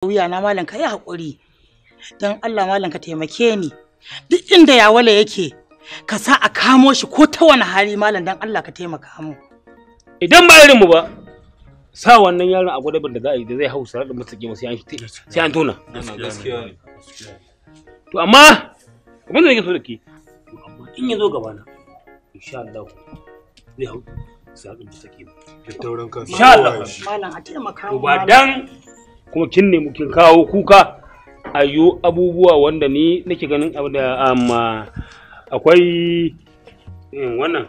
wuya na malam ka yi haƙuri don Allah malam ka taimake ni duk inda wala yake ka sa a kamo shi ko ta wani hali malam don Allah ka taimaka mu idan ba irin mu ba sa wannan yaron a gwadabin da za a yi da zai hau sarar da mutsaki masu yan sai an tona to amma abin da nake so da ke amma in ya zo na, insha Allah zai hau sarar da mutsaki insha Allah malam a taimaka mu ba dan kuma kin ne kin kawo kuka ayo abubuwa wanda ni nake ganin abu da amma um, akwai eh, wannan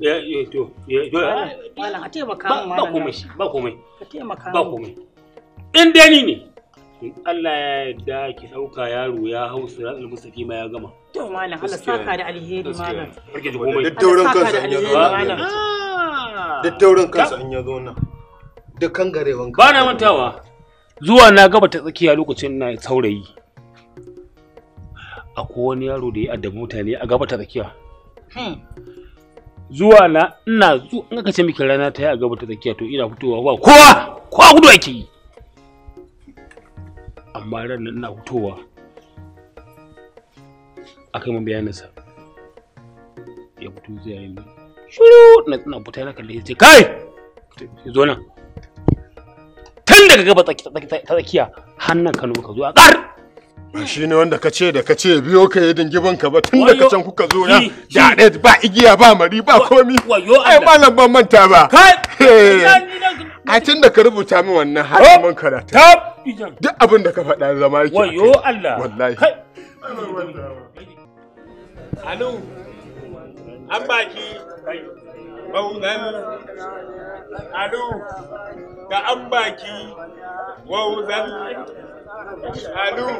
ya ya to ya to malam ba komai ba komai ba komai in dai ni ne in Allah ya yarda ki dauka yaro ya hau siratul mustaqi ma ya gama to malam Allah saka da alheri malam barke da komai ah! da dauran kansa an yazo da dauran kansa an yazo nan da kangarewan ba na mantawa zuwa na gaba ta tsakiya lokacin na saurayi akwai wani yaro da ya addabi mutane a gaba ta tsakiya hmm. zuwa na ina zu in aka ce miki rana ta yi a gaba ta tsakiya to ina fitowa ba kowa kowa gudu ake yi amma ran ina fitowa akai mun bayaninsa ya fito zai yi shiru na tsina fita na kalle ya ce kai zo nan daga gaba ta tsakiya hannun Kano ka zo a kar shi ne wanda ka ce da ka ce biyo ka yi dingiban ka ba tun daga can kuka zo ya daɗe ba igiya ba mari ba komi ai malam ban manta ba a eh. tun da ka rubuta min wannan haramin karata duk abin da ka faɗa zama yake wayo Allah wallahi Alu an baki baunan alu da an baki wauzan alu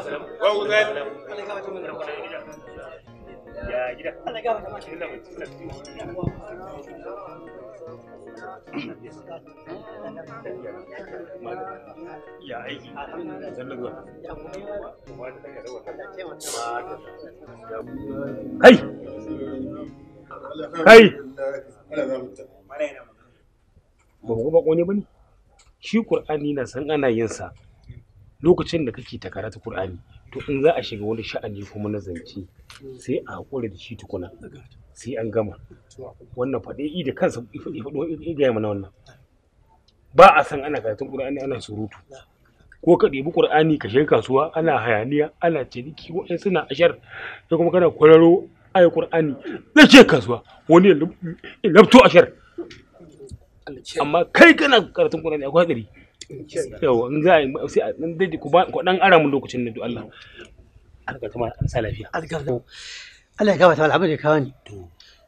an wauzan Ya aiki. Kai. Kai. Ba ku ba ne ba ne? Shi Kur'ani na san ana yin sa. lokacin da kake ta Qur'ani to in za a shiga wani sha'ani kuma na zance sai a hakura da shi tukuna sai an gama wannan faɗe yi da kansa i faɗo i ga mana wannan ba a san ana karatun Qur'ani ana surutu ko ka ɗebi Qur'ani ka shiga kasuwa ana hayaniya ana ciniki wa'in suna ashar sai kuma kana kwararo ayi Qur'ani zai ce kasuwa wani ya labto ashar amma kai kana karatun Qur'ani akwai hadari yawa in za a sai dan dai ku ba ku dan ara mun lokacin nan to Allah algarta ma an sa lafiya algarta Allah ya gaba ta alhamdu kawo ni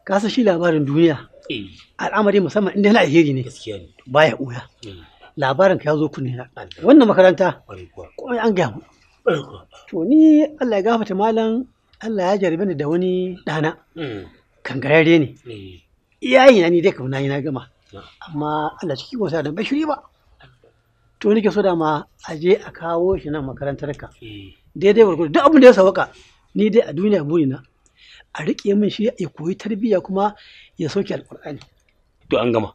ka san shi labarin duniya eh. al'amari musamman inda na alheri ne gaskiya ne baya uya eh. labarin ka ya zo kunne na wannan makaranta komai an gaya mu to ni Allah ya gafarta malam Allah ya jarabe ni da wani dana mm. kangararre ne eh. iyayi na ni dai kamar na yi na gama ah. amma Allah ciki wasa da bashiri ba to nike so da ma a je a kawo shi nan makarantar ka eh. daidai gurgudu duk abin da ya sauka ni dai a duniya burina a riƙe min shi ya koyi tarbiyya kuma ya soke alƙur'ani to an gama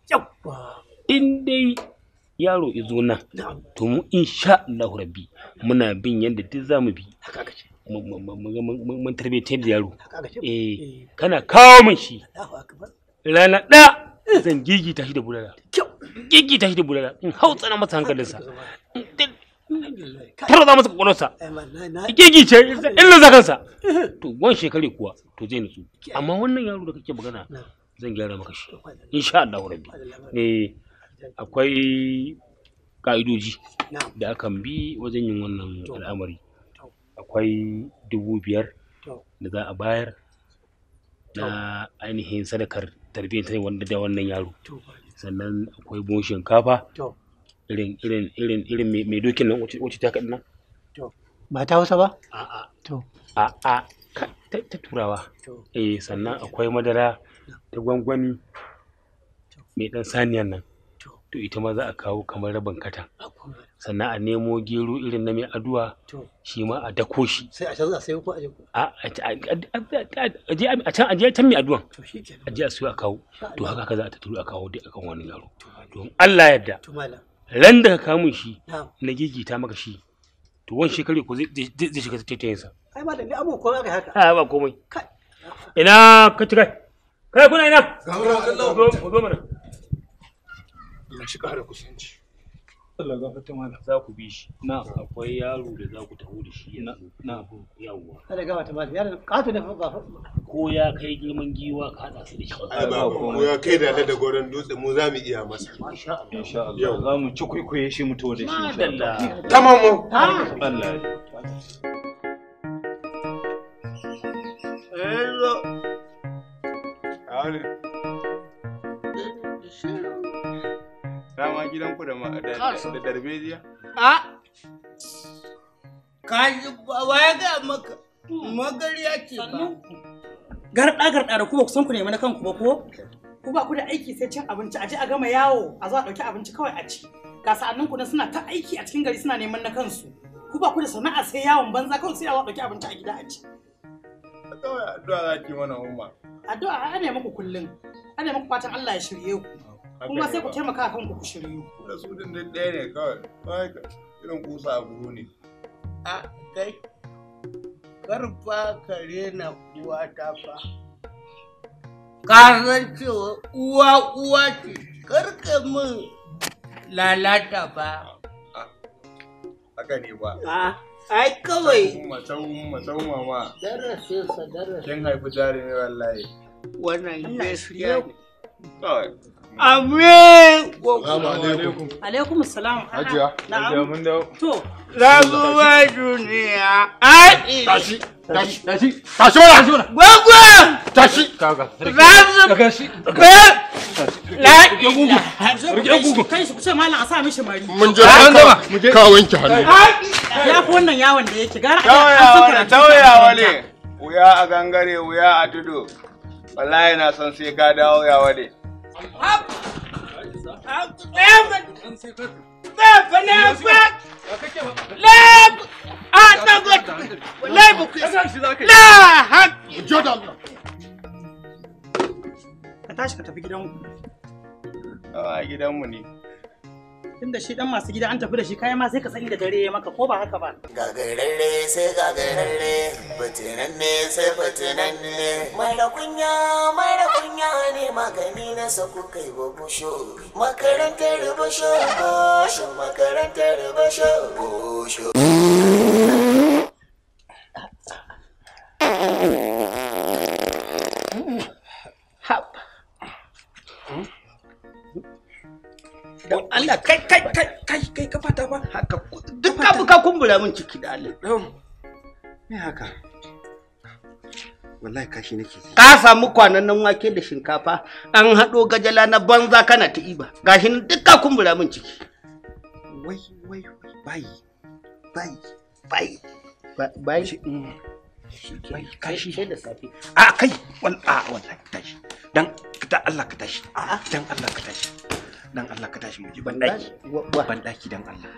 in dai yaro izo nan to mu insha Allah rabbi muna bin yadda duk mu bi mun tarbiyyar yaro eh, eh. kana kawo min shi rana ɗaya zan gigita shi da bulala gigita shi da bulala in tsana masa hankalinsa tara za masa kwakwalwarsa gigice in lanza kansa to wan shekare kuwa to zai nutsu amma wannan yaro da kake magana zan gyara maka shi insha Allah rabbi eh akwai ka'idoji da akan bi wajen yin wannan al'amari akwai dubu biyar da za a bayar na ainihin sadakar tarbiyyar ta wanda da wannan yaro sannan akwai buhun shinkafa irin irin irin irin mai dokin nan wacce ta kaɗi nan ba ta hausa ba a'a to a'a ta turawa eh sannan akwai madara ta gwangwani mai ɗan saniyan nan to ita ma za a kawo kamar rabin katan sannan a nemo gero irin na mai aduwa shi ma a dako shi sai a can za a sayo ko a je a can a je can mai aduwan a je a sayo a kawo to haka ka za a tattaro a kawo duk akan wani yaro to Allah yadda ran da ka kamun shi na gigita maka shi to wani shekaru ko zai shiga sa ai ba da ni abubuwan aka haka ba komai ina ka kai kai kuna ina ga wurin Allah ku zo mana ya shi ƙara kusanci Allah ga za ku bi shi na akwai yaro da za ku taho da shi na na ga yaro da ba ko ya kai girman giwa ka hada su da shi ba ko ya kai da da dutse mu za mu iya masa Allah insha Allah za mu ci kwaikwaye shi mu taho da shi Allah gidanku da da darbejiya? A? Ka ji waya ga maka hmm. magariya ce ba. Garɗa garɗa da kuma kusan ku nemi na kanku ba ko? Ku ba ku da aiki sai cin abinci a je a gama yawo a zo a ɗauki abinci kawai a ci. Ga sa'annin ku na suna ta aiki a cikin gari suna neman na kansu. Ku ba ku da sana'a sai yawon banza kawai sai a zo a ɗauki abinci a gida a ci. Addu'a za ki mana umma. Addu'a ana muku kullum. Ana muku fatan Allah ya shirye ku. kuma sai ku taimaka kan kanku ku shiryu da su din da ɗaya ne kawai kawai irin kusa a guru ne a kai karfa kare na uwa ta fa ka san cewa uwa uwa ce karka min lalata ba haka ne ba ai kawai matsayin matsayin mama sa darasinsa kin haifi jari ne wallahi wannan gaskiya ne Amin. alaikum. salam. Hajiya. Hajiya To. duniya. Ai. Tashi. Tashi. Tashi. Tashi Tashi Gwagwa. Tashi. Razu. a sa Ya a a gangare, wuya a tudu. Wallahi na son sai ka dawo yawa ne. Ah, ka tashi ka tafi gidanku. A gidanmu Tunda shi dan masu gida an tafi da shi kayan ma sai ka sani da dare ya maka ko ba haka ba. Gagararre sai gagararre, fitinan ne sai fitinan ne, mara kunya kunya. magani na sa kai ba busho makarantar busho busho makarantar busho busho don Allah kai kai kai kai kai ba haka duk abu ka kumbura min ciki da Allah me haka wallahi kashi nake ka samu kwanan nan wake da shinkafa an hado gajala na banza kana ta iba gashi nan duk ka kumbura min ciki wai wai bai bai bai bai mm. bai kashi sai da safi a kai wallahi wallahi tashi dan da Allah ka tashi dan Allah ka tashi dan Allah ka tashi mu ji bandaki bandaki dan Allah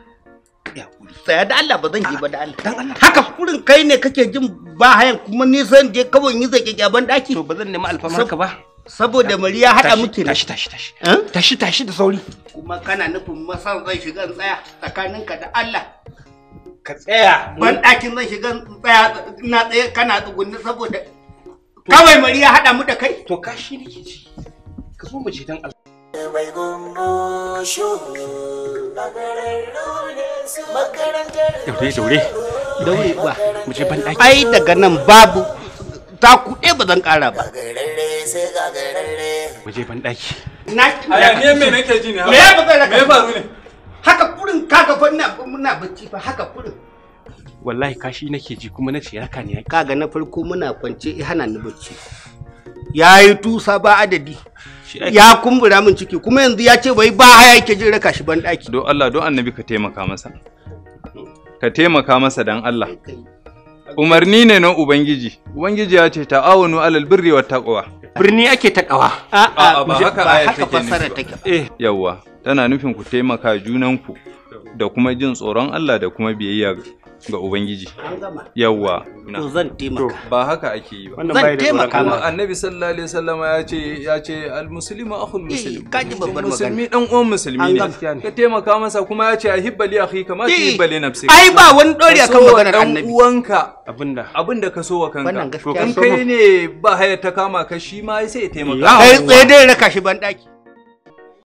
ya kuri sai da Allah ba zan je ba da Allah dan Allah haka kurin kai ne kake jin ba hayan kuma ni zan je kawai yi zaki kyaban daki to ba zan nemi alfamar ka ba saboda mari ya hada muke tashi tashi tashi eh? tashi tashi da sauri kuma kana nufin masan zai shiga tsaya tsakaninka da Allah ka tsaya ban dakin zan shiga tsaya na tsaye kana tsugunni saboda kawai mari ya hada mu da kai to ka shi nake ci ka zo mu je dan Allah mai gumbo shu ne makarantar daure ba mu je ban daki ai daga nan babu ta kuɗe eh, ba zan ƙara ba mu je ban daki na ne me nake ji ne me ba zan raka me faru ne haka kurin kaga fa ina muna bacci fa haka kurin wallahi kashi nake ji kuma nace raka ne kaga na farko muna kwance hana ni bacci ya yi tusa ba adadi ya kumbura min ciki kuma yanzu ya ce bai ba haya yake jin raka shi ban daki don Allah don annabi ka taimaka masa ka taimaka masa dan Allah umarni ne na ubangiji ubangiji ya ce ta'awunu alal birri wa taƙawa. birni ake taƙawa. a ba haka ba take fasara take eh yawa tana nufin ku taimaka junanku da kuma jin tsoron Allah da kuma biyayya ga ubangiji yawwa to zan taimaka ba haka ake yi ba zan taimaka ma annabi sallallahu alaihi wasallama ya ce ya ce al muslimu akhul eh, muslim kaji babbar magana musulmi dan uwan musulmi ne ka taimaka masa kuma ya ce a li akhi kama eh, tuhibba li nafsi. ai ba wani dori akan maganar annabi dan uwanka abinda abinda ka so wa kanka to kan kai ne ba haya ta kama ka shi ma sai ya taimaka kai tsaye dai raka shi ban daki